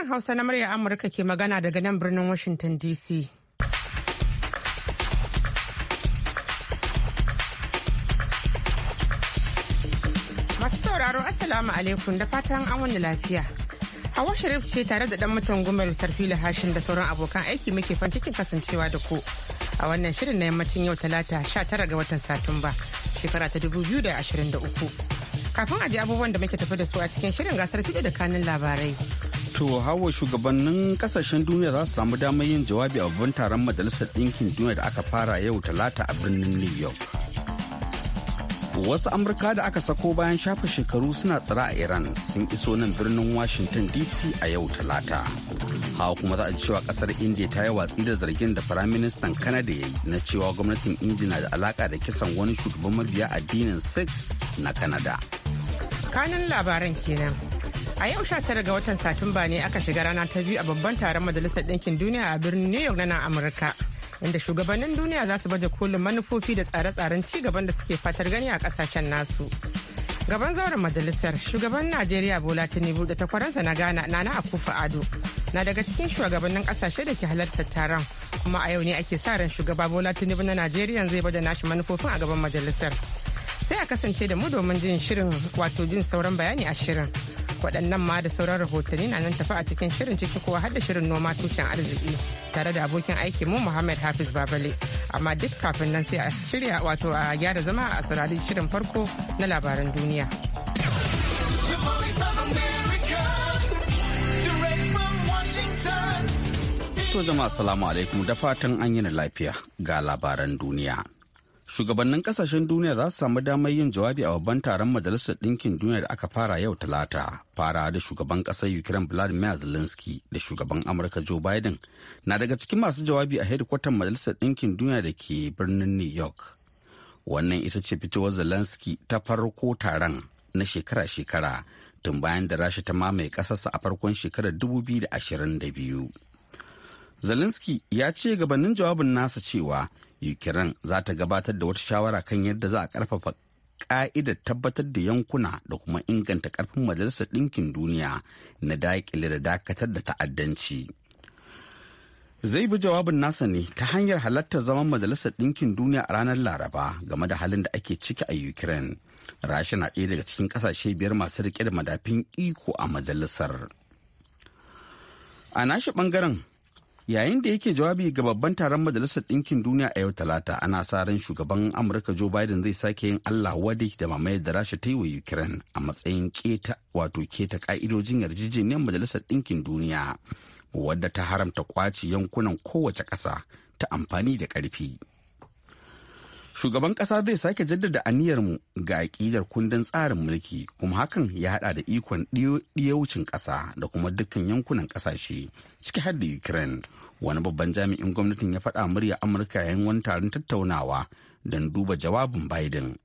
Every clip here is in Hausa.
Sashen Hausa na murya Amurka ke magana daga nan birnin Washington DC. Masu sauraro Assalamu alaikum da fatan an wani lafiya. Hawa Sharif ce tare da dan mutan gumel Sarfila Hashin da sauran abokan aiki muke fan cikin kasancewa da ko. A wannan shirin na yammacin yau talata tara ga watan Satumba shekara ta da uku. Kafin aji abubuwan da muke tafi da su a cikin shirin gasar fito da kanin labarai. To hawa shugabannin kasashen duniya za su samu damar yin jawabi a babban taron majalisar ɗinkin duniya da aka fara yau talata a birnin New York. Wasu Amurka da aka sako bayan shafa shekaru suna tsira a Iran sun iso nan birnin Washington DC a yau talata. Hawa kuma za a cewa kasar India ta yi watsi da zargin da Firaministan Kanada ya yi na cewa gwamnatin India na da alaka da kisan wani shugaban mabiya addinin Sikh na Kanada. Kanan labaran kenan. A yau 19 ga watan Satumba ne aka shiga rana ta biyu a babban taron Majalisar Ɗinkin Duniya a birnin New York na nan Amurka. Inda shugabannin duniya za su baje kolin manufofi da tsare-tsaren ci gaban da suke fatar gani a kasashen nasu. Gaban zauren majalisar shugaban Najeriya Bola Tinubu da takwaransa na Ghana Nana Akufo Ado na daga cikin shugabannin kasashe da ke halartar taron kuma a yau ne ake sa ran shugaba Bola Tinubu na Najeriya zai baje nashi manufofin a gaban majalisar. Sai a kasance da mu domin jin shirin wato jin sauran bayani a shirin. waɗannan ma da sauran rahotanni na nan tafi a cikin shirin ciki kowa har da shirin noma tushen arziki tare da abokin aiki mu Muhammad Hafiz Babale amma duk kafin nan sai a shirya wato a gyara zama a saurari shirin farko na labaran duniya. To jama'a salamu alaikum da fatan an yi lafiya ga labaran duniya. shugabannin kasashen duniya za su samu damar yin jawabi a babban taron majalisar ɗinkin duniya da aka fara yau talata fara da shugaban ƙasar ukraine vladimir zelensky da shugaban amurka joe biden na daga cikin masu jawabi a hedikwatar majalisar ɗinkin duniya da ke birnin new york wannan ita ce fitowar zelensky ta farko taron na shekara-shekara tun bayan da rasha ta mamaye ƙasarsa a farkon shekarar 2022 zelensky ya ce gabanin jawabin nasa cewa ukraine za ta gabatar da wata shawara kan yadda za a karfafa ka'idar tabbatar da yankuna da kuma inganta karfin majalisar ɗinkin duniya na daƙile da dakatar da ta'addanci zai bi jawabin nasa ne ta hanyar halartar zaman majalisar ɗinkin duniya a ranar laraba game da halin da ake ciki a ukraine rasha na ɗaya daga cikin ƙasashe biyar masu riƙe da madafin iko a majalisar a nashi ɓangaren yayin da yake jawabi ga babban taron majalisar ɗinkin duniya a yau talata ana sa ran shugaban amurka joe biden zai sake yin allah wadi da mamayar da rasha ta yi wa ukraine a matsayin keta wato keta ka'idojin yarjejeniyar majalisar ɗinkin duniya wadda ta haramta kwaci yankunan kowace ƙasa ta amfani da ƙarfi. shugaban ƙasa zai sake jaddada aniyarmu ga aƙidar kundin tsarin mulki kuma hakan ya haɗa da ikon ɗiyaucin ƙasa da kuma dukkan yankunan ƙasashe ciki har da ukraine wani babban jami'in gwamnatin ya faɗa murya amurka yayin wani taron tattaunawa don duba jawabin biden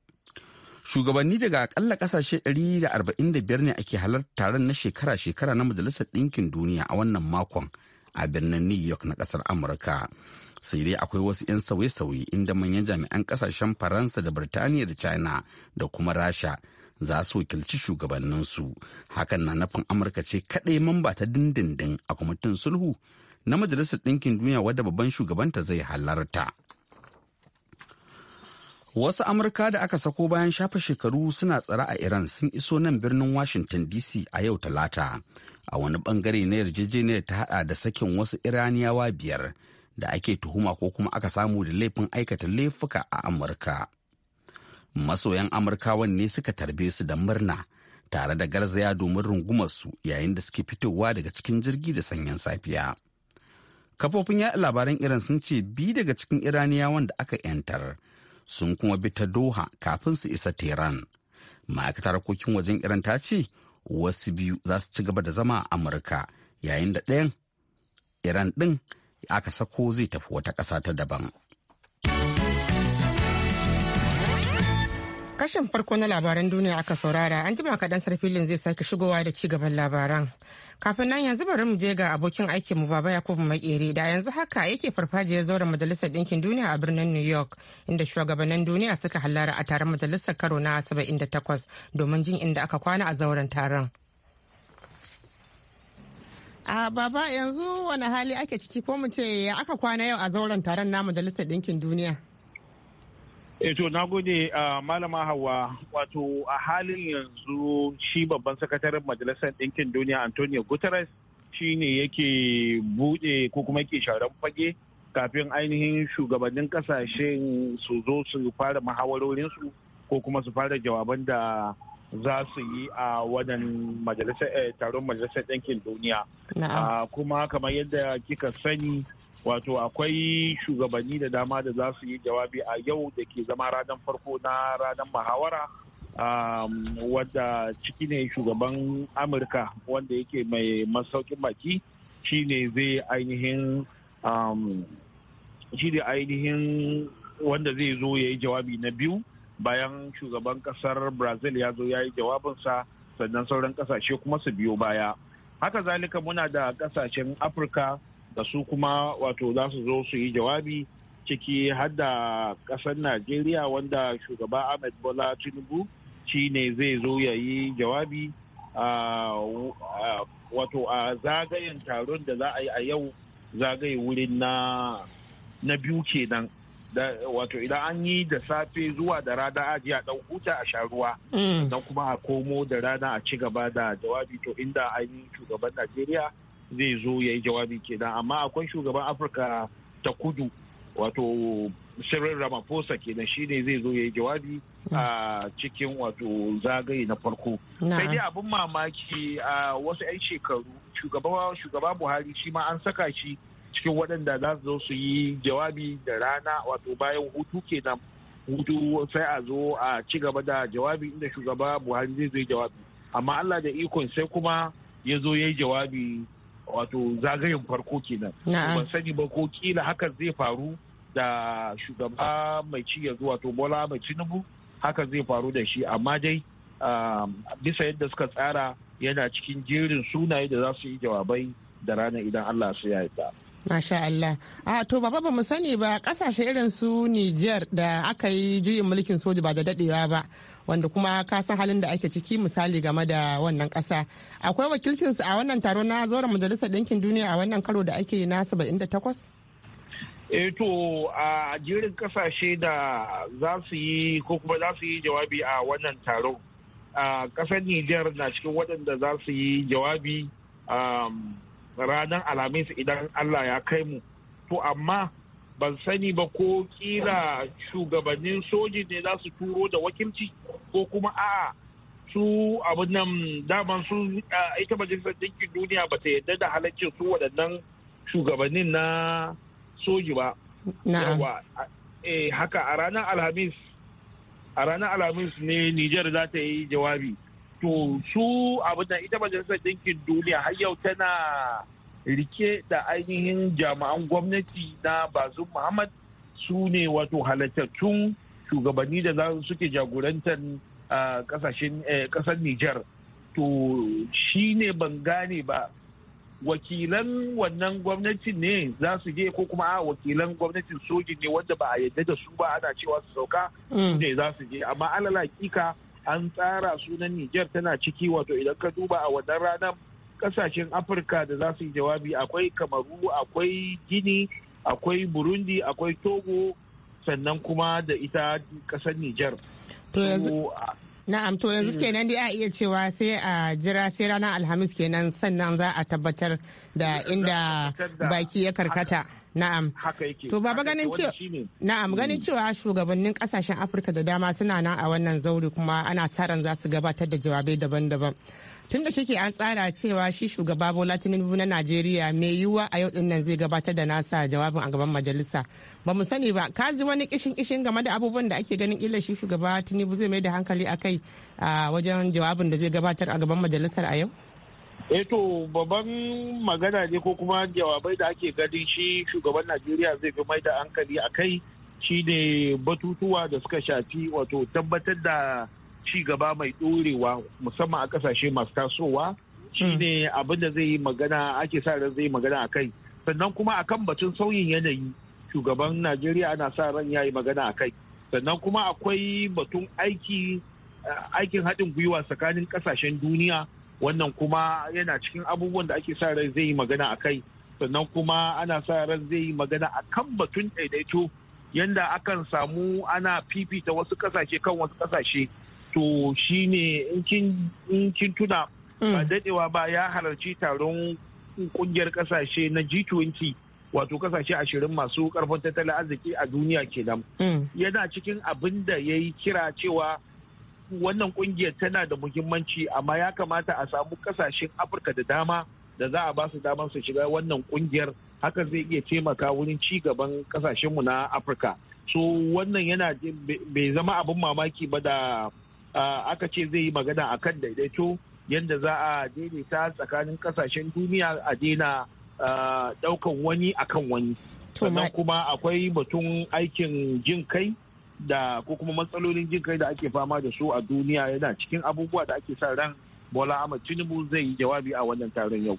shugabanni daga akalla ƙasashe 145 ne ake halartar taron na shekara-shekara na majalisar ɗinkin duniya a wannan makon a birnin new york na ƙasar amurka sai dai akwai wasu 'yan sauye-sauye inda manyan jami'an kasashen faransa da birtaniya da china da kuma rasha za su wakilci shugabanninsu hakan na nufin amurka ce kaɗai mamba ta dindindin a kwamitin sulhu na majalisar ɗinkin duniya wadda babban shugabanta zai halarta wasu amurka da aka sako bayan shafa shekaru suna tsara a iran sun iso nan birnin washington dc a yau talata a wani bangare na yarjejeniyar ta hada da sakin wasu iraniyawa biyar da ake tuhuma ko kuma aka samu da laifin aikata laifuka a amurka masoyan amurkawan ne suka tarbe su da murna tare da garzaya domin su yayin da suke fitowa daga cikin jirgi da sanyin safiya kafofin yaɗa labaran iran sun ce bi daga cikin iraniyawan da aka 'yantar sun kuma bi ta doha kafin su isa tehran ma'aikatar harkokin wajen iran ta ce wasu biyu za su ci gaba da zama a amurka yayin da ɗayan iran ɗin aka sako zai tafi wata ƙasa ta daban. Kashin farko na labaran duniya aka saurara an jima kaɗan sarfilin zai sake shigowa da ci gaban labaran. Kafin nan yanzu bari mu je ga abokin aikin mu Baba Yakubu Makere da yanzu haka yake farfajiyar zauren Majalisar Ɗinkin Duniya a birnin New York inda shugabannin duniya suka halara a taron majalisar karo na 78 domin jin inda aka kwana a zauren taron. A baba yanzu wani hali ake ciki ko mu ce aka kwana yau a zauren taron na majalisar ɗinkin duniya? E to na gode malama Hauwa wato a halin yanzu shi babban sakataren majalisar ɗinkin duniya Antonio Guterres shi ne yake buɗe ko kuma yake sharan fage kafin ainihin shugabannin kasashen su zo su fara muhawarorinsu ko kuma su fara jawaban da za su yi a wannan eh, taron majalisar ɗinkin duniya ah, kuma kamar yadda kika sani wato akwai shugabanni da dama da za su yi jawabi a yau da ke zama ranar farko na ranar muhawara wadda ciki ne shugaban amurka wanda yake mai masaukin baki shine zai ainihin shi ainihin wanda zai zo ya yi jawabi na biyu bayan shugaban kasar brazil ya zo ya yi jawabinsa sannan sauran kasashe kuma su biyo baya haka zalika muna da kasashen afirka da su kuma wato za su zo su yi jawabi ciki har da kasar najeriya wanda shugaba ahmed bola tinubu shi ne zai zo ya yi jawabi wato a zagayen taron da za a yi a yau zagaye wurin na biyu kenan wato idan an yi da safe zuwa da rana aji a dan huta a sha ruwa mm. dan kuma a komo da rana a ci gaba da jawabi to inda yi shugaban najeriya zai zo ya yi jawabi kenan amma akwai shugaban afirka ta kudu wato Cyril Ramaphosa kenan ne zai zo ya yi jawabi a cikin wato zagaye na farko. Sai dai abin mamaki a wasu 'yan shekaru shugaba Buhari shi ma an saka shi cikin waɗanda za su zo su yi jawabi da rana wato bayan hutu kenan hutu sai a zo a ci gaba da jawabi inda shugaba buhari zai zo jawabi amma allah da ikon sai kuma ya zo ya yi jawabi wato zagayen farko kenan ban sani ba ko kila hakan zai faru da shugaba mai ci yanzu wato bola mai cinubu hakan zai faru da shi amma dai um, bisa yadda suka tsara yana cikin jerin sunaye da za su yi jawabai da rana idan allah su ya yarda. Masha Allah. A to baba ba mu sani ba kasashe irin su Niger da aka yi juyin mulkin soja ba da dadewa ba. Wanda kuma ka san halin da ake ciki misali game da wannan kasa. Akwai wakilcinsu a wannan taro na zauren majalisar ɗinkin duniya a wannan karo da ake na 78? E, eh, to a jirin kasashe da za su yi ko kuma za su yi jawabi a wannan taro a kasar niger na cikin waɗanda za su yi jawabi ranar alhamis idan allah ya kai mu to amma ban sani ba ko kila shugabannin soji ne za su turo da wakilci ko kuma a'a su abin nan daman su ita majalisar dinkin duniya ba ta yadda da halaccin su waɗannan shugabannin na soji ba eh, haka a ranar alhamis a ranar alhamis ne nijar za ta yi jawabi to su abin da ita majalisar ɗinkin duniya har yau tana rike da ainihin jami'an gwamnati na bazum muhammad su ne wato halittattun shugabanni da za suke jagorantar kasar eh, nijar to shi ne ban gane ba wakilan wannan gwamnatin ne za su je ko kuma a wakilan gwamnatin sojin ne wanda ba a yadda da su ba ana cewa su sauka mm. ne za su je amma alal hakika an tsara sunan Nijar tana ciki wato idan ka duba a wannan ranar kasashen Afirka da za su yi jawabi akwai Kamaru, akwai Gini, akwai Burundi, akwai Togo, sannan kuma da ita kasar Nijar. Na'am to yanzu mm. kenan dai a iya cewa sai a jira sai ranar Alhamis kenan sannan za a tabbatar da inda baki ya karkata. Na'am. Haka yake. To baba ganin cewa na'am hmm. ganin cewa shugabannin kasashen Afirka da dama suna nan a wannan zauri kuma ana saran za su gabatar da jawabai daban-daban. Tun da shike an tsara cewa shi shugaba Bola Tinubu na Najeriya mai yiwuwa a yau din nan zai gabatar da nasa jawabin a gaban majalisa. Ba mu sani ba, ka ji wani kishin kishin game da abubuwan da ake ganin illa shi shugaba Tinubu zai mai da hankali akai a wajen jawabin da zai gabatar a gaban majalisar a yau? eto eh babban magana ne ko kuma jawabai da ake ganin shi shugaban najeriya zai fi mai da hankali a kai shine batutuwa da suka shafi wato tabbatar da ci gaba mai ɗorewa musamman a kasashe masu tasowa shine hmm. abin da zai yi magana ake sa ran zai yi magana a kai sannan kuma akan batun sauyin yanayi shugaban najeriya ana sa ran ya yi magana a kai sannan kuma akwai batun aiki aikin haɗin gwiwa tsakanin ƙasashen duniya wannan kuma yana cikin abubuwan da ake sa ran zai yi magana a kai sannan kuma ana sa ran zai yi magana a kan batun daidaito Yadda akan samu ana fifita wasu kasashe kan wasu kasashe to shi ne in kin tuna ba mm. dadewa ba ya halarci taron kungiyar kasashe na G20 wato kasashe ashirin masu karfin tattalin arziki a duniya kenan mm. yana cikin abin da ya yi kira cewa wannan kungiyar tana da muhimmanci amma ya kamata a samu kasashen afirka da dama da za a ba su damar su shiga wannan kungiyar haka zai iya taimaka wurin ci gaban kasashenmu na afirka so wannan yana bai zama abin mamaki ba da aka ce zai yi magana a kan daidaito yadda za a daidaita tsakanin kasashen duniya a daina daukan wani akan wani sannan kuma akwai batun aikin jin kai da ko kuma matsalolin jin kai da ake fama da su a duniya yana cikin abubuwa da ake sa ran Bola Ahmed Tinubu zai yi jawabi a wannan taron yau.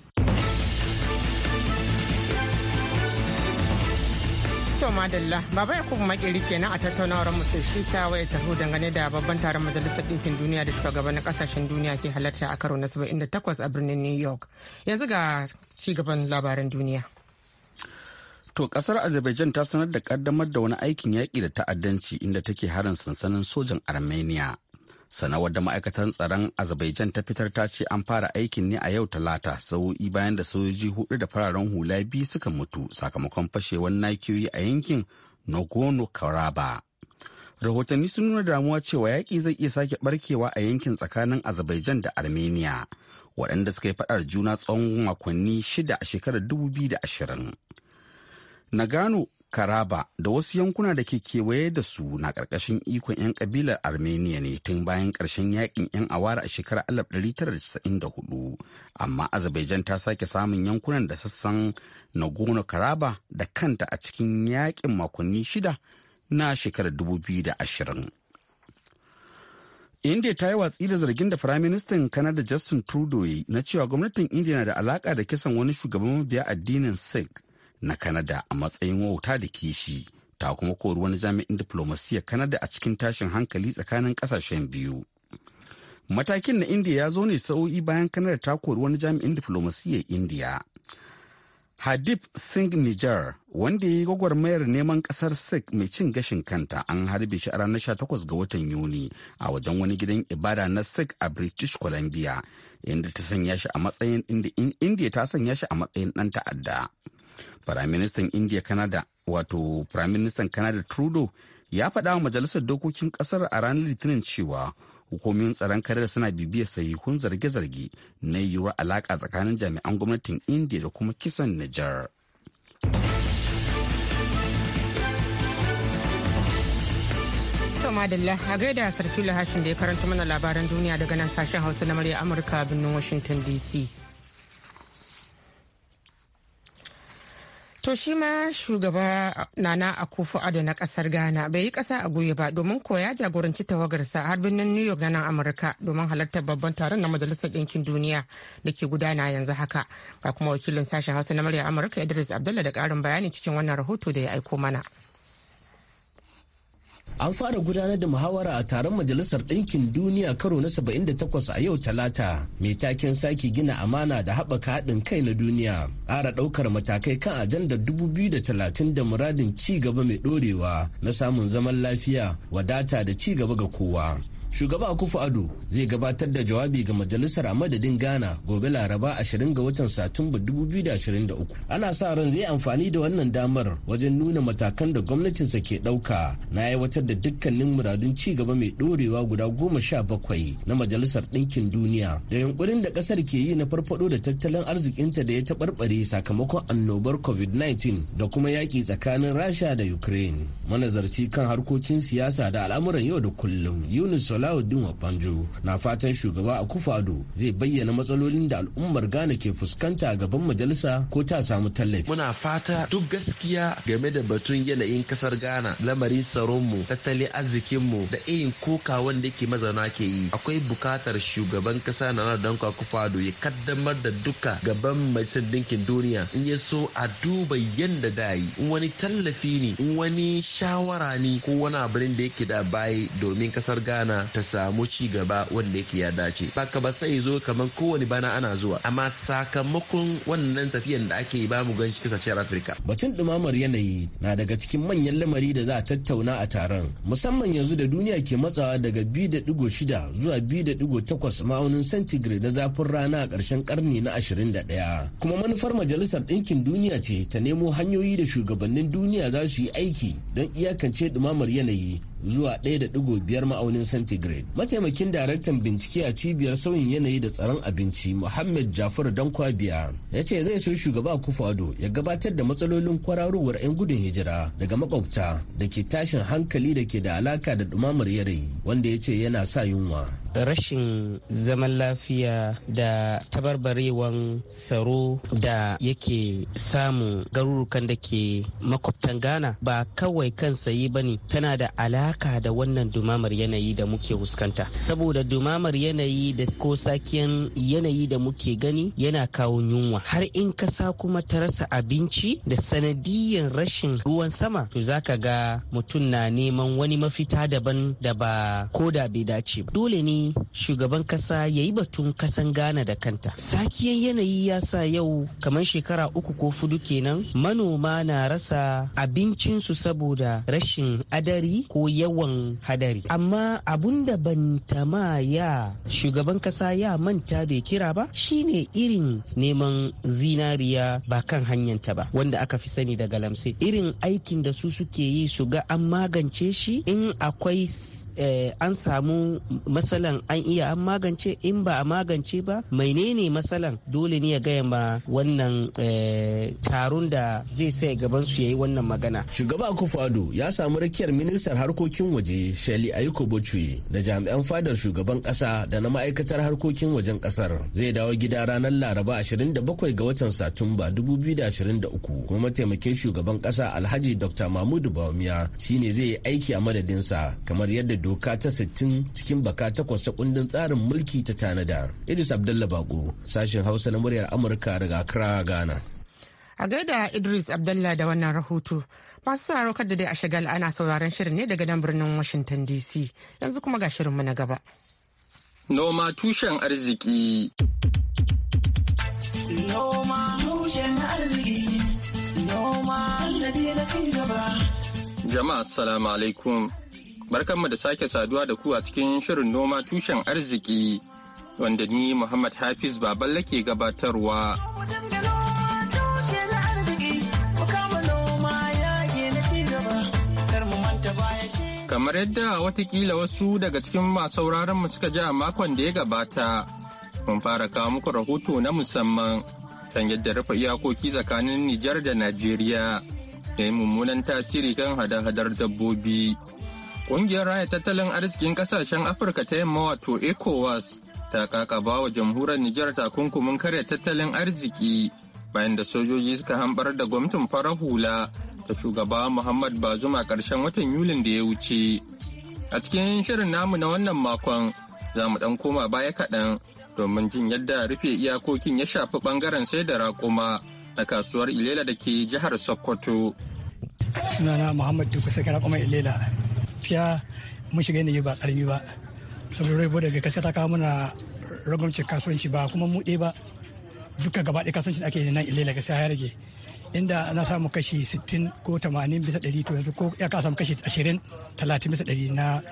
To madalla baba ya kuma kenan a tattaunawar mu shi ta waye taho dangane da babban taron majalisar ɗinkin duniya da suka gabanin ƙasashen duniya ke halarta a karo na 78 a birnin New York. Yanzu ga cigaban labaran duniya. To kasar Azerbaijan ta sanar da kaddamar da wani aikin yaƙi da ta'addanci inda take harin sansanin sojan Armenia. Sanawar da ma'aikatan tsaron Azerbaijan ta fitar ta ce an fara aikin ne a yau talata sau'i bayan da sojoji hudu da fararen hula biyu suka mutu sakamakon fashewar nakiyoyi a yankin nagorno Karaba. rahotanni sun nuna damuwa cewa yaƙi zai iya sake barkewa a yankin tsakanin azerbaijan da armenia waɗanda suka yi faɗar juna tsawon makonni shida a shekarar 2020 Nagano Karaba da wasu yankuna da ke kewaye da su na ƙarƙashin ikon 'yan ƙabilar Armenia ne tun bayan ƙarshen yakin 'yan awara a shekarar 1994, amma Azerbaijan ta sake samun yankunan da sassan Nagorno-Karaba da kanta a cikin yakin makonni shida na shekarar 2020. india ta yi watsi da zargin da firaministan kanada justin trudeau na cewa gwamnatin india na da alaka da kisan wani shugaban mabiya addinin sikh na Kanada a matsayin wauta da kishi ta kuma kori wani jami'in diplomasiyyar Kanada a cikin tashin hankali tsakanin kasashen biyu. Matakin na india ya zo ne sa'o'i bayan Kanada ta kori wani jami'in diplomasiyyar india. Hadib Singh Nijar wanda ya yi gwagwarmayar neman kasar Sikh mai cin gashin kanta an harbe shi a ranar 18 ga watan Yuni a wajen wani gidan ibada na Sikh a British Columbia inda ta sanya shi a matsayin inda India ta sanya shi a matsayin ɗan ta'adda. prime Minister India Canada wato prime minister Canada Trudeau ya faɗa wa majalisar dokokin ƙasar a ranar Litinin cewa hukumomin tsaron da suna bibiyar sahihun zarge-zarge na yiwuwar alaƙa tsakanin jami'an gwamnatin India da kuma kisan niger. madalla a gaida sarfila hashin da ya karanta mana labaran duniya daga nan sashen hausa na murya amurka birnin washington dc To shi ma shugaba Nana Akufo Ado na kasar Ghana bai yi kasa a goye ba domin koya jagoranci tawagarsa har birnin New York na nan Amurka domin halartar babban taron na Majalisar Ɗinkin Duniya da ke gudana yanzu haka. Ga kuma wakilin sashen Hausa na murya Amurka Idris Abdullah da ƙarin bayani cikin wannan rahoto da ya aiko mana. an fara gudanar da muhawara a taron majalisar ɗinkin duniya karo na 78 a yau talata mai taken sake gina amana da haɓaka haɗin kai na duniya ƙara ɗaukar matakai kan ajandar 2030 da muradin ci gaba mai ɗorewa na samun zaman lafiya wadata da ci gaba ga kowa shugaba akufu ado zai gabatar da jawabi ga majalisar a madadin ghana gobe laraba 20 ga watan satumba 2023 ana sa ran zai amfani da wannan damar wajen nuna matakan da gwamnatinsa ke dauka na aiwatar da dukkanin muradun ci gaba mai dorewa guda goma sha bakwai na majalisar ɗinkin duniya da yunkurin da ƙasar ke yi na farfado da tattalin arzikinta da ya taɓarɓare sakamakon annobar covid-19 da kuma yaƙi tsakanin rasha da ukraine manazarci kan harkokin siyasa da al'amuran yau da kullum yunus Salahuddin Wabanjo na fatan shugaba a kufado zai bayyana matsalolin da al'ummar Ghana ke fuskanta gaban majalisa ko ta samu tallafi. Muna fata duk gaskiya game da batun yanayin kasar Ghana, lamarin tsaronmu, tattalin arzikinmu da irin koka wanda ke mazauna ke yi. Akwai bukatar shugaban kasa na Danko akufo kufado ya kaddamar da duka gaban majalisar dinkin duniya in ya so a duba yanda da yi in wani tallafi ne in wani shawara ne ko wani abin da yake da bayi domin kasar Ghana ta samu ci gaba wanda yake ya dace baka ba sai zo kamar kowane bana ana zuwa amma sakamakon wannan tafiyan da ake ba mu gan shi kasashen afirka batun dumamar yanayi na daga cikin manyan lamari da za a tattauna a taron musamman yanzu da duniya ke matsawa daga 2.6 zuwa 2.8 ma'aunin centigrade na zafin rana a karshen karni na 21 kuma manufar majalisar ɗinkin duniya ce ta nemo hanyoyi da shugabannin duniya za su yi aiki don iyakance dumamar yanayi zuwa 1.5 ma'aunin centigrade. Mataimakin daraktan bincike a cibiyar sauyin yanayi da tsaron abinci Muhammad Jafar Dankwabiya ya ce zai so shugaba Kufado ya gabatar da matsalolin kwararowar 'yan gudun hijira daga makwabta da ke tashin hankali da ke da alaka da dumamar yanayi wanda ya ce yana sa yunwa. rashin zaman lafiya da tabarbarewan tsaro da yake samun garurukan da ke makwabtan ghana ba kawai kan sayi ba ne tana da alaka da wannan dumamar yanayi da muke huskanta saboda dumamar yanayi da ko sakiyan yanayi da muke gani yana kawo yunwa har in kasa kuma ta rasa abinci da sanadiyan rashin ruwan sama to zaka ga mutum na neman wani mafita daban da ba ko da bai dace ba dole ne shugaban kasa ya yi batun kasan Ghana da kanta. Sakiyan yanayi ya sa yau kamar shekara uku ko fudu kenan manoma na rasa abincinsu saboda rashin adari ko yawan hadari. Amma abun da ban tama ya shugaban kasa ya manta bai kira ba shine irin neman zinariya ba kan hanyanta ba wanda aka fi sani daga lamse Irin aikin da su suke yi su ga an magance shi in akwai Eh, an samu matsalan an iya an magance in ba a magance ba menene matsalan dole ne ya gaya ma wannan eh, taron da zai sai gaban su yi wannan magana shugaba kufado ya samu rakiyar ministar harkokin waje shali ayiko bocuyi da jami'an fadar shugaban kasa da na ma'aikatar harkokin wajen kasar zai dawo gida ranar laraba 27 ga watan satumba 2023 kuma mataimakin shugaban kasa alhaji dr mahmudu bawumia shine zai yi aiki a madadinsa kamar yadda doka ta 60 cikin baka takwas ta kundin tsarin mulki ta tanada. Idris Abdullah Bako, sashen Hausa na muryar Amurka daga Accra, Ghana. A gaida Idris Abdullah da wannan rahoto. Masu sauraro kadda dai a shagal ana sauraron shirin ne daga nan birnin Washington DC. Yanzu kuma ga mu na gaba. Noma tushen arziki. Noma tushen arziki. Noma na Jama'a salamu alaikum. barkanmu da sake saduwa da ku a cikin shirin noma tushen arziki wanda ni Muhammad Hafiz Baballe ke gabatarwa. Kamar yadda watakila wasu daga cikin masu mu suka ji a makon da ya gabata, mun fara kawo muku rahoto na musamman kan yadda rufe iyakoki tsakanin Nijar da Najeriya yi mummunan tasiri kan hada-hadar dabbobi. Ƙungiyar raya tattalin arzikin ƙasashen Afirka ta yamma wato ECOWAS ta kakaba wa jamhuriyar Nijar takunkumin karya tattalin arziki bayan da sojoji suka hambar da gwamnatin farar hula ta shugaba Muhammad zuma ƙarshen watan Yulin da ya wuce. A cikin shirin namu na wannan makon za mu ɗan koma baya kaɗan domin jin yadda rufe iyakokin ya shafi ɓangaren sai da raƙuma na kasuwar Ilela da ke jihar Sokoto. Sunana Muhammad Duka Karakuma Ilela. gaskiya mun shiga yanayi ba karami ba saboda rai daga gaskiya ta kawo mana ragwamcin kasuwanci ba kuma mu ba duka gaba ɗaya kasuwancin ake nan ilela gaskiya ya rage inda na samu kashi 60 ko 80 bisa 100 to yanzu ko ya ka samu kashi 20 30 bisa 100 na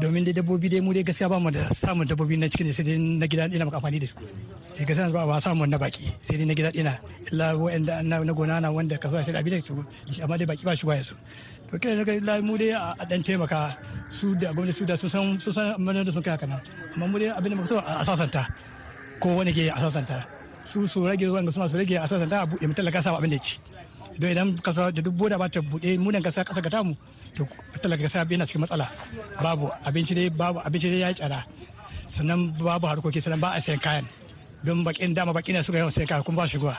domin da dabbobi dai mu dai gaskiya ba mu da samun dabbobi na cikin sai dai na gida ina maka amfani da su sai gaskiya ba ba samun na baki sai dai na gida ina illa wanda na gona na wanda kasuwa sai abin da su amma dai baki ba shi su to kai na illa mu dai a dan taimaka su da gwamnati su da su san su san amma da sun kai kana amma mu dai abin da muka so a sasanta ko wani ke a sasanta su su rage wanda suna su rage a sasanta a buɗe mutalaka sa abin da ya ci don idan kasa da duk boda ba ta buɗe munan kasa kasa ga tamu to talaka kasa yana cikin matsala babu abinci dai babu abinci dai ya tsara sannan babu harkoki sannan ba a sayan kayan don bakin dama bakin suka yawan sayan kayan kuma ba shigowa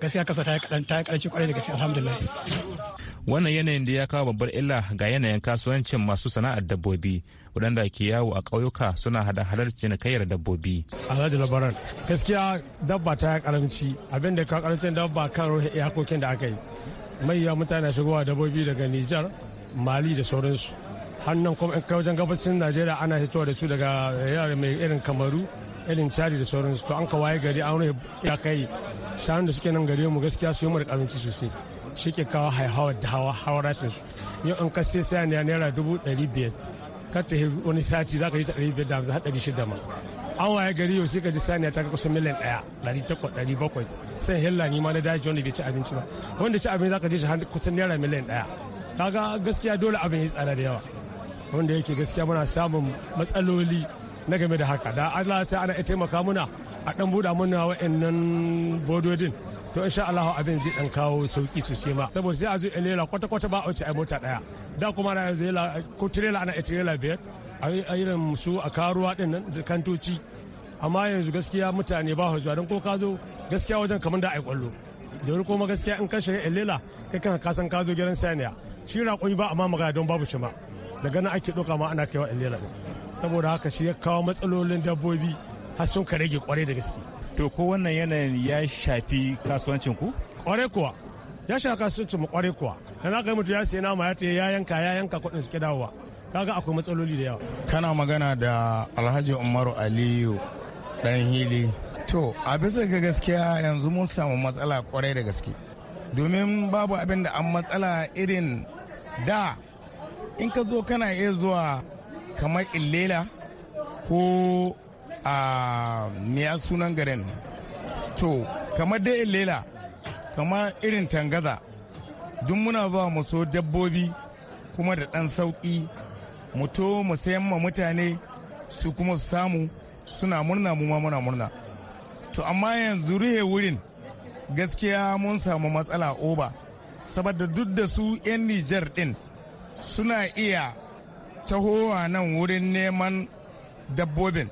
gaskiya kasa ta yi karanci kwarai da gaskiya alhamdulillah wannan yanayin da ya kawo babbar illa ga yanayin kasuwancin masu sana'ar dabbobi waɗanda ke yawo a ƙauyuka suna hada na cinikayyar dabbobi. Alhaji Labaran, gaskiya dabba ta ya karanci abin da ka karancin dabba kan rufe iyakokin da aka yi. mai Maiya mutane shigowa dabbobi daga Nijar, Mali da sauransu. hannun kuma in wajen gabacin Najeriya ana hitowa da su daga yare mai irin Kamaru, irin cari da sauransu. To an ka waye gari an rufe iyakai. Shanun da suke nan gare mu gaskiya su yi mu da karanci sosai. shi ke kawo haihawar da hawa rashin su yau in ka sai saniya naira dubu ɗari biyar ka ta wani sati za ka yi ta ɗari biyar da hamsin har ɗari shida ma an waye gari yau sai ka ji saniya ta kusan miliyan ɗaya ɗari takwas ɗari bakwai sai hilla ni ma na daji wanda bai ci abinci ba wanda ci abinci za ka ji shi kusan naira miliyan ɗaya kaga gaskiya dole abin ya tsada da yawa wanda yake gaskiya muna samun matsaloli na game da haka da Allah sai ana taimaka muna a ɗan buɗa muna wa'annan bododin to insha Allah abin zai dan kawo sauki sosai ma saboda sai a zo lela kwata kwata ba a wuce mota daya da kuma na zai la ko trailer ana trailer biyar a irin su a karuwa din nan da kantoci amma yanzu gaskiya mutane ba zuwa don ko ka zo gaskiya wajen kamar da ai kwallo da kuma gaskiya in ka shiga lela kai kan ka san ka zo gidan saniya shi raƙumi ba amma magana don babu shi ma daga nan ake ɗauka ma ana kaiwa lela saboda haka shi ya kawo matsalolin dabbobi har sun ka rage kwarai da gaske to ko wannan yanayin ya shafi kasuwancin ku kware kuwa ya shafi kasuwancin mu kware kuwa dan aka mutum ya sayi nama ya ta ya yanka ya yanka kuɗin suke dawowa kaga akwai matsaloli da yawa kana magana da Alhaji Umaru Aliyu dan hili to a bisa ga gaskiya yanzu mun samu matsala kwarai da gaske domin babu abin da an matsala irin da in ka zo kana iya zuwa kamar illela ko a miya sunan garin to kamar da lela kamar irin tangaza duk muna ba mu so dabbobi kuma da ɗan sauƙi mutu mu sayan ma mutane su kuma su samu suna murna mu ma muna murna to amma yanzu ruhe wurin gaskiya mun samu matsala oba saboda duk da su 'yan nijar ɗin suna iya tahowa nan wurin neman dabbobin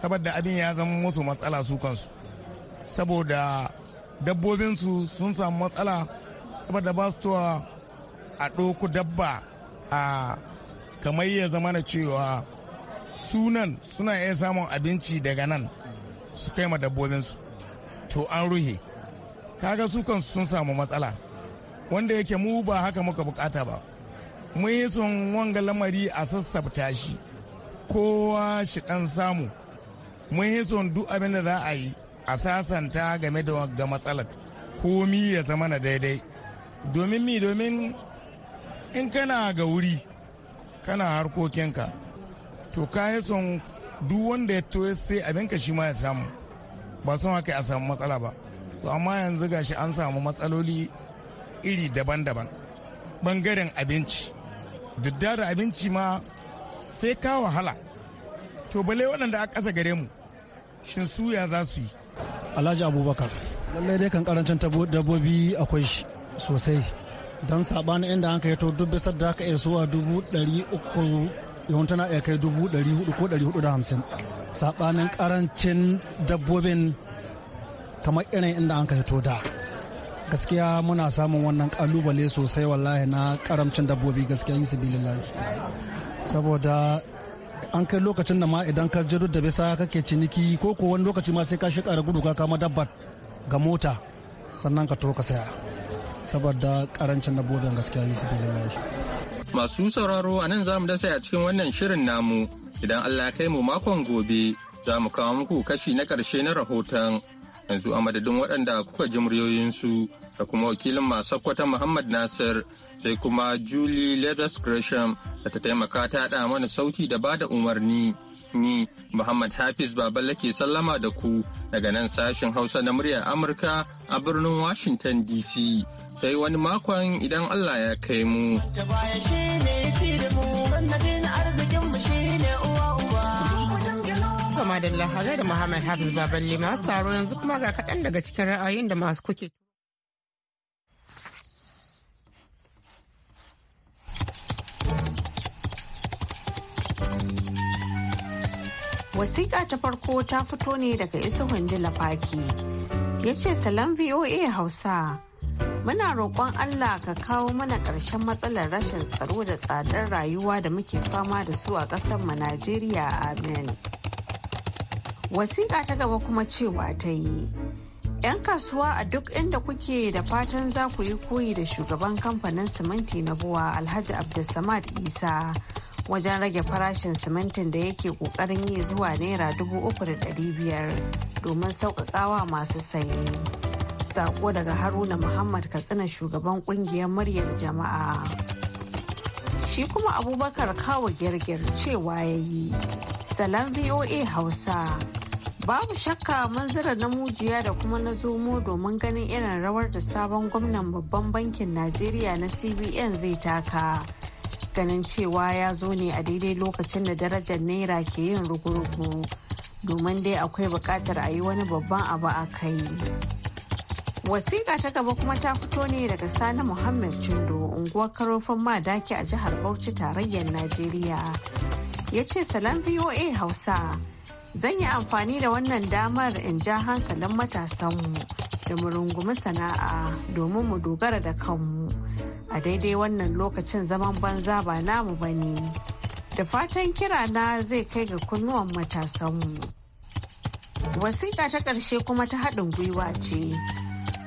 saboda abin ya zama musu matsala su kansu saboda dabbobinsu sun samu matsala saboda ba su a ɗoku dabba a kamar ya zama na cewa sunan suna iya samun abinci daga nan su kai ma dabbobinsu to an ruhe kaga su kansu sun samu matsala wanda yake mu ba haka muka bukata ba mun yi sun wanga lamari a sassabta shi kowa shi dan samu mun yi son duk abin da za a yi a sasanta game da ga matsalar komi ya zama na daidai domin mi domin in kana ga wuri kana harkokinka to ka yi son duk wanda ya toye sai abinka shi ma ya samu ba son haka a samu matsala ba to amma yanzu gashi an samu matsaloli iri daban-daban bangaren abinci da abinci ma sai ka wahala to bale waɗanda a ƙasa gare mu shin suya za su yi alhaji abubakar lallai dai kan karancin dabbobi akwai shi sosai don sabanin inda an kai to duk bisa da aka iya suwa dubu ɗari uku yawanci tana iya kai dubu ɗari hudu ko ɗari hudu da hamsin sabanin karancin dabbobin kamar irin inda an kai to da gaskiya muna samun wannan kalubale sosai wallahi na karamcin dabbobi gaskiya yi sabilillahi saboda an kai lokacin da ma idan ka jiru da bisa kake ciniki ko ko wani lokaci ma sai ka shi kara gudu ka kama dabbar ga mota sannan ka to ka saya saboda karancin dabbobin gaskiya yi su masu sauraro a nan zamu dasa a cikin wannan shirin namu idan Allah ya kai mu makon gobe za mu kawo muku kashi na karshe na rahoton yanzu a madadin waɗanda kuka ji muryoyinsu da kuma wakilin masu kwata Muhammad Nasir sai kuma Julie Leathers Gresham da ta taimaka ta da mana sauti da bada umarni. Ni Muhammad Hafiz Baballe ke sallama da ku daga nan sashen Hausa na muryar Amurka a birnin Washington DC. Sai wani makon idan Allah ya kai mu. Kama da lahaga da Muhammad Hafiz Baballe masu taro yanzu kuma ga kaɗan daga cikin ra'ayin da masu kuke. Wasiƙa ta farko ta fito ne daga Isuhun Dilafaki. Ya ce salam VOA Hausa. Muna roƙon Allah ka kawo mana ƙarshen matsalar rashin tsaro da tsadar rayuwa da muke fama da su a ƙasar mu Najeriya amin. Wasiƙa ta gaba kuma cewa ta yi. 'Yan kasuwa a duk inda kuke da fatan za ku yi koyi da shugaban kamfanin siminti na buwa Alhaji Abdulsamad Isa. wajen rage farashin simintin da yake kokarin yi zuwa naira dubu uku da ɗari biyar domin sauƙaƙawa masu saye. Sako daga Haruna Muhammad Katsina shugaban ƙungiyar muryar jama'a. Shi kuma Abubakar kawo girgir cewa ya yi. Salam VOA Hausa. Babu shakka mun na mujiya da kuma na zomo domin ganin irin rawar da sabon gwamnan babban bankin Najeriya na CBN zai taka. ganin cewa ya zo ne a daidai lokacin da darajar naira ke yin rugurugu domin dai akwai bukatar a yi wani babban abu a kai wasiƙa ta gaba kuma ta fito ne daga sani muhammad cindo unguwar karofin madaki a jihar bauchi tarayyar najeriya ya ce salam voa hausa zan yi amfani da wannan damar in ja hankalin matasanmu da mu rungumi sana'a domin mu dogara da kanmu a daidai wannan lokacin zaman banza ba namu ba ne da fatan kira na zai kai ga kunnuwan matasanmu wasiƙa ta ƙarshe kuma ta haɗin gwiwa ce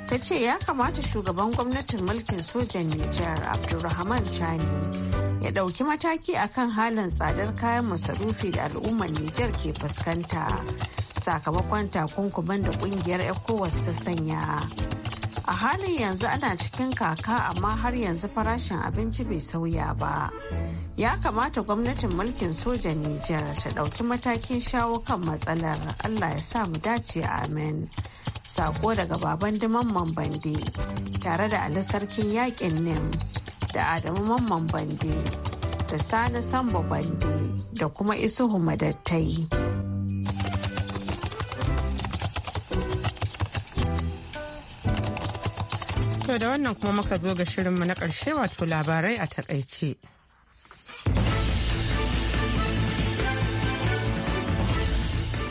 ta ce ya kamata shugaban gwamnatin mulkin sojan Nijar Abdulrahman Chani ya ɗauki mataki akan halin tsadar kayan masarufi da al'ummar Nijar ke fuskanta sakamakon takunkuman da kungiyar ecowas ta sanya a halin yanzu ana cikin kaka amma har yanzu farashin abinci bai sauya ba ya kamata gwamnatin mulkin soja nijar ta ɗauki matakin shawo kan matsalar allah ya sa mu dace amen sako daga baban mamman bande tare da ali sarkin yakin nim da adamu mamman bande da sani sambo bande da kuma isuhu madattai. To da wannan kuma muka zo ga shirinmu na ƙarshe wato labarai a takaice.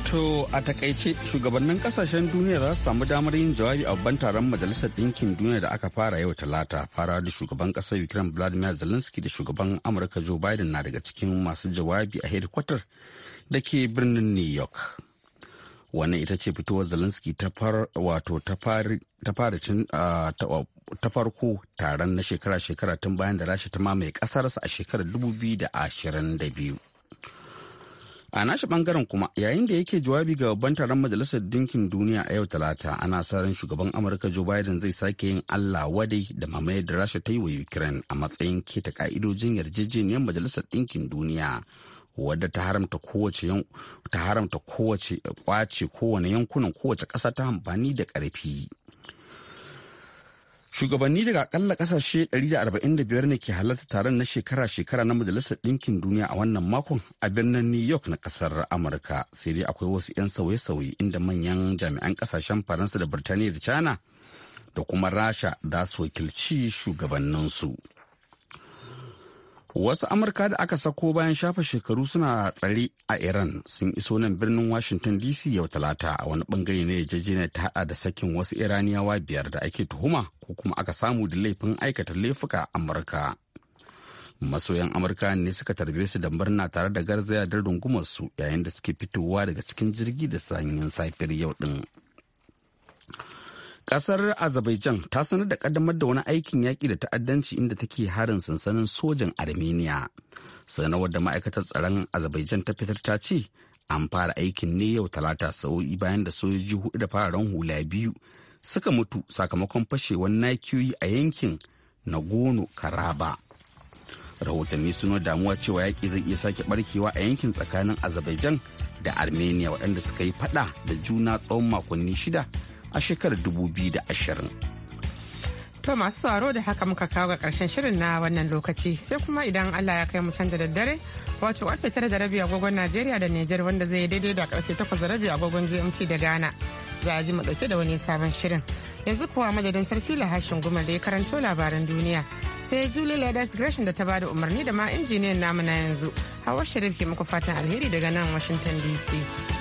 To a takaice shugabannin kasashen duniya za su samu damar yin jawabi a babban taron majalisar ɗinkin duniya da aka fara yau talata fara da shugaban ƙasar Ukraine Vladimir Zelensky da shugaban Amurka Joe Biden na daga cikin masu jawabi a hedikwatar da ke birnin New York. wannan ita ce fitowar zelensky ta ta farko taron na shekara-shekara tun bayan da rasha ta mamaye kasarsa a shekarar 2022 a nashi bangaren kuma yayin da yake jawabi ga babban taron majalisar dinkin duniya a yau talata ana sa ran shugaban amurka joe biden zai sake yin allah wadai da mamayar da rasha ta yi wa ukraine a matsayin keta ka'idojin yarjejeniyar majalisar dinkin duniya wadda ta haramta kowace ta haramta kowace kwace kowane yankunan kowace ƙasa ta amfani da ƙarfi shugabanni daga akalla kasashe 145 ne ke halarta taron na shekara-shekara na majalisar ɗinkin duniya a wannan makon a birnin new york na kasar amurka sai dai akwai wasu 'yan sauye-sauye inda manyan jami'an ƙasashen faransa da birtaniya da china da kuma rasha za su wakilci shugabanninsu. Wasu Amurka da aka sako bayan shafa shekaru suna tsare a Iran sun iso nan birnin Washington DC yau talata a wani bangare na yarjejeniyar ta hada da sakin wasu Iraniyawa biyar da ake tuhuma ko kuma aka samu da laifin aikata laifuka Amurka. Masoyan Amurka ne suka tarbe su da murna tare da garzaya da rungumar su yayin da suke fitowa daga cikin jirgi da sanyin safiyar yau din. Kasar Azerbaijan ta sanar da kaddamar da wani aikin yaƙi da ta'addanci inda take harin sansanin sojan Armenia. Sanarwar da ma'aikatar tsaron Azerbaijan ta fitar ta ce an fara aikin ne yau talata sa'o'i bayan da sojoji hudu da fararen hula biyu suka mutu sakamakon fashewar nakiyoyi a yankin Nagorno Karaba. Rahotanni sun damuwa cewa yaƙi zai iya sake barkewa a yankin tsakanin Azerbaijan da Armenia waɗanda suka yi fada da juna tsawon makonni shida a shekarar 2020. To masu sauro da haka muka kawo ga karshen shirin na wannan lokaci sai kuma idan Allah ya kai mu canza da daddare wato karfe tara da rabi agogon Najeriya da Nijar wanda zai daidai da karfe takwas da rabi agogon GMT da Ghana za a ji mu dauke da wani sabon shirin. Yanzu kuwa madadin sarki lahashin guma da ya karanto labaran duniya sai Julie Ladas Gresham da ta bada umarni da ma injiniyan namu na yanzu. hawa Sharif ke muku fatan alheri daga nan Washington DC.